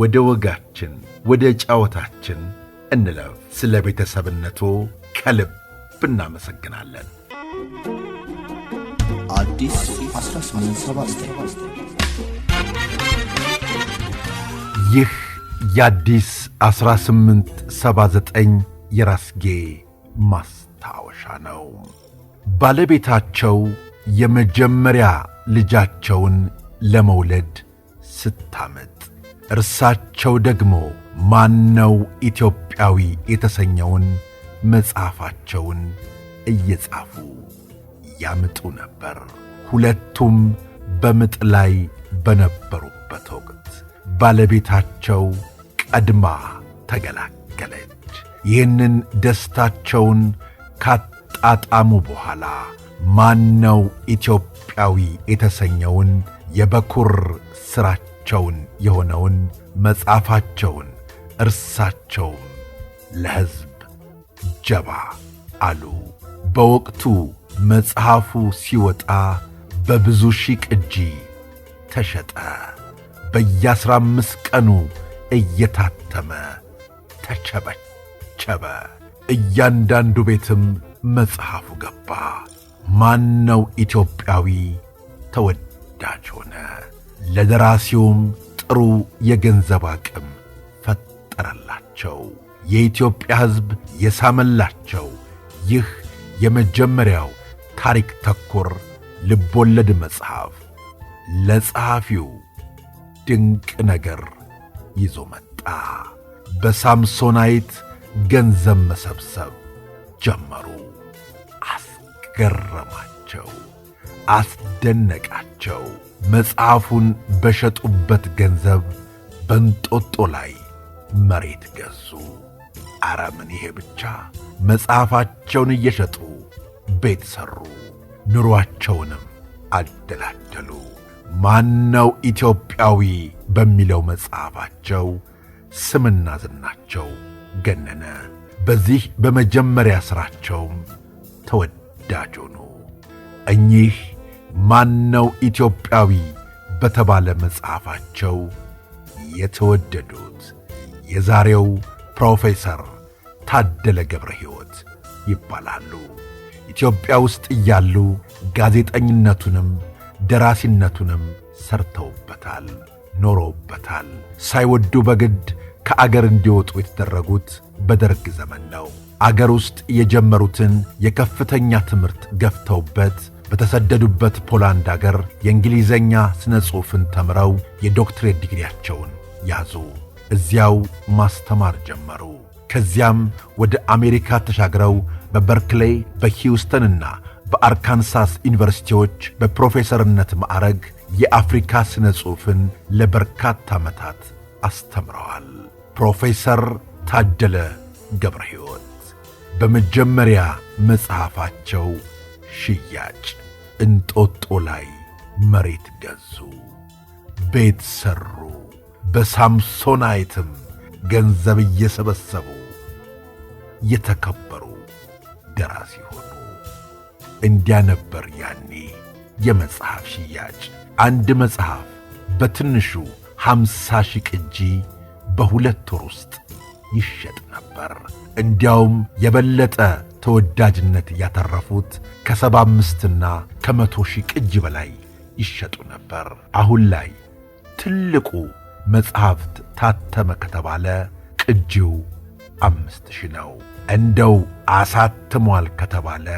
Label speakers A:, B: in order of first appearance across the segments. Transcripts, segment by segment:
A: ወደ ወጋችን ወደ ጫወታችን እንለፍ። ስለ ቤተሰብነቱ ከልብ እናመሰግናለን። ይህ የአዲስ 1879 የራስጌ ማስታወሻ ነው። ባለቤታቸው የመጀመሪያ ልጃቸውን ለመውለድ ስታመድ እርሳቸው ደግሞ ማነው ኢትዮጵያዊ የተሰኘውን መጽሐፋቸውን እየጻፉ ያምጡ ነበር። ሁለቱም በምጥ ላይ በነበሩበት ወቅት ባለቤታቸው ቀድማ ተገላገለች። ይህንን ደስታቸውን ካጣጣሙ በኋላ ማነው ኢትዮጵያዊ የተሰኘውን የበኩር ሥራቸው ብቻቸውን የሆነውን መጽሐፋቸውን እርሳቸውም ለሕዝብ ጀባ አሉ። በወቅቱ መጽሐፉ ሲወጣ በብዙ ሺህ ቅጂ ተሸጠ። በየአስራ አምስት ቀኑ እየታተመ ተቸበቸበ። እያንዳንዱ ቤትም መጽሐፉ ገባ። ማን ነው ኢትዮጵያዊ ተወዳጅ ሆነ። ለደራሲውም ጥሩ የገንዘብ አቅም ፈጠረላቸው። የኢትዮጵያ ሕዝብ የሳመላቸው ይህ የመጀመሪያው ታሪክ ተኮር ልቦለድ መጽሐፍ ለጸሐፊው ድንቅ ነገር ይዞ መጣ። በሳምሶናይት ገንዘብ መሰብሰብ ጀመሩ። አስገረማቸው፣ አስደነቃቸው። መጽሐፉን በሸጡበት ገንዘብ በንጦጦ ላይ መሬት ገዙ። አረምን ይሄ ብቻ መጽሐፋቸውን እየሸጡ ቤት ሠሩ፣ ኑሮአቸውንም አደላደሉ። ማነው ኢትዮጵያዊ በሚለው መጽሐፋቸው ስምና ዝናቸው ገነነ። በዚህ በመጀመሪያ ሥራቸውም ተወዳጅ ሆኑ። እኚህ ማነው ኢትዮጵያዊ በተባለ መጽሐፋቸው የተወደዱት የዛሬው ፕሮፌሰር ታደለ ገብረ ሕይወት ይባላሉ። ኢትዮጵያ ውስጥ እያሉ ጋዜጠኝነቱንም ደራሲነቱንም ሰርተውበታል፣ ኖረውበታል። ሳይወዱ በግድ ከአገር እንዲወጡ የተደረጉት በደርግ ዘመን ነው። አገር ውስጥ የጀመሩትን የከፍተኛ ትምህርት ገፍተውበት በተሰደዱበት ፖላንድ አገር የእንግሊዘኛ ሥነ ጽሑፍን ተምረው የዶክትሬት ዲግሪያቸውን ያዙ። እዚያው ማስተማር ጀመሩ። ከዚያም ወደ አሜሪካ ተሻግረው በበርክሌይ በሂውስተንና በአርካንሳስ ዩኒቨርሲቲዎች በፕሮፌሰርነት ማዕረግ የአፍሪካ ሥነ ጽሑፍን ለበርካታ ዓመታት አስተምረዋል። ፕሮፌሰር ታደለ ገብረ ሕይወት በመጀመሪያ መጽሐፋቸው ሽያጭ እንጦጦ ላይ መሬት ገዙ፣ ቤት ሰሩ። በሳምሶናይትም ገንዘብ እየሰበሰቡ የተከበሩ ደራሲ ሆኑ። እንዲያ ነበር ያኔ የመጽሐፍ ሽያጭ። አንድ መጽሐፍ በትንሹ ሐምሳ ሺህ ቅጂ በሁለት ወር ውስጥ ይሸጥ ነበር። እንዲያውም የበለጠ ተወዳጅነት ያተረፉት ከሰባ አምስትና ከመቶ ሺህ ቅጅ በላይ ይሸጡ ነበር። አሁን ላይ ትልቁ መጽሐፍት ታተመ ከተባለ ቅጂው አምስት ሺህ ነው። እንደው አሳትሟል ከተባለ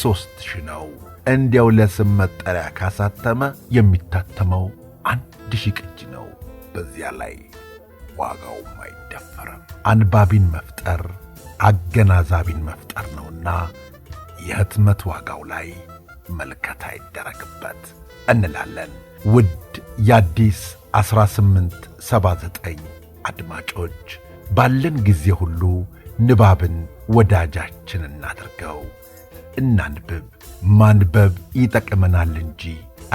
A: ሦስት ሺህ ነው። እንዲያው ለስም መጠሪያ ካሳተመ የሚታተመው አንድ ሺህ ቅጅ ነው። በዚያ ላይ ዋጋውም አይደፈርም። አንባቢን መፍጠር አገናዛቢን መፍጠር ነውና የህትመት ዋጋው ላይ መልከታ ይደረግበት እንላለን። ውድ የአዲስ 1879 አድማጮች ባለን ጊዜ ሁሉ ንባብን ወዳጃችን እናድርገው። እናንብብ። ማንበብ ይጠቅመናል እንጂ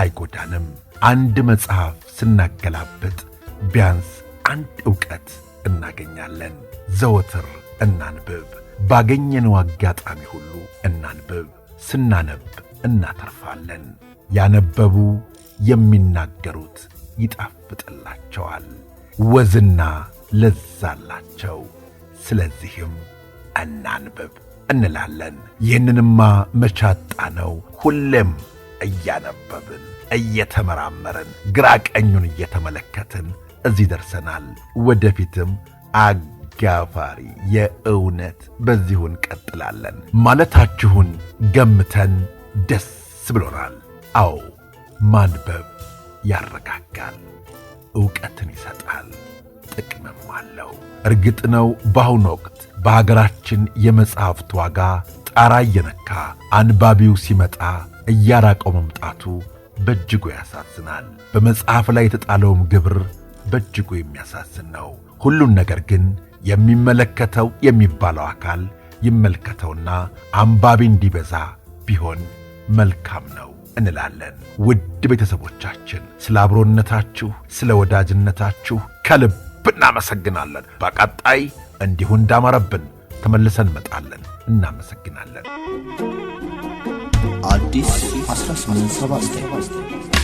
A: አይጎዳንም። አንድ መጽሐፍ ስናገላብጥ ቢያንስ አንድ ዕውቀት እናገኛለን። ዘወትር እናንብብ። ባገኘነው አጋጣሚ ሁሉ እናንብብ። ስናነብ እናተርፋለን። ያነበቡ የሚናገሩት ይጣፍጥላቸዋል፣ ወዝና ለዛላቸው። ስለዚህም እናንብብ እንላለን። ይህንንማ መቻጣ ነው። ሁሌም እያነበብን እየተመራመርን ግራ ቀኙን እየተመለከትን እዚህ ደርሰናል። ወደፊትም አ ጋፋሪ የእውነት በዚሁን ቀጥላለን ማለታችሁን ገምተን ደስ ብሎናል። አዎ ማንበብ ያረጋጋል፣ እውቀትን ይሰጣል፣ ጥቅምም አለው። እርግጥ ነው በአሁኑ ወቅት በሀገራችን የመጽሐፍት ዋጋ ጣራ እየነካ አንባቢው ሲመጣ እያራቀው መምጣቱ በእጅጉ ያሳዝናል። በመጽሐፍ ላይ የተጣለውም ግብር በእጅጉ የሚያሳዝን ነው። ሁሉን ነገር ግን የሚመለከተው የሚባለው አካል ይመልከተውና አንባቢ እንዲበዛ ቢሆን መልካም ነው እንላለን። ውድ ቤተሰቦቻችን ስለ አብሮነታችሁ፣ ስለ ወዳጅነታችሁ ከልብ እናመሰግናለን። በቀጣይ እንዲሁ እንዳማረብን ተመልሰን እንመጣለን። እናመሰግናለን። አዲስ 1879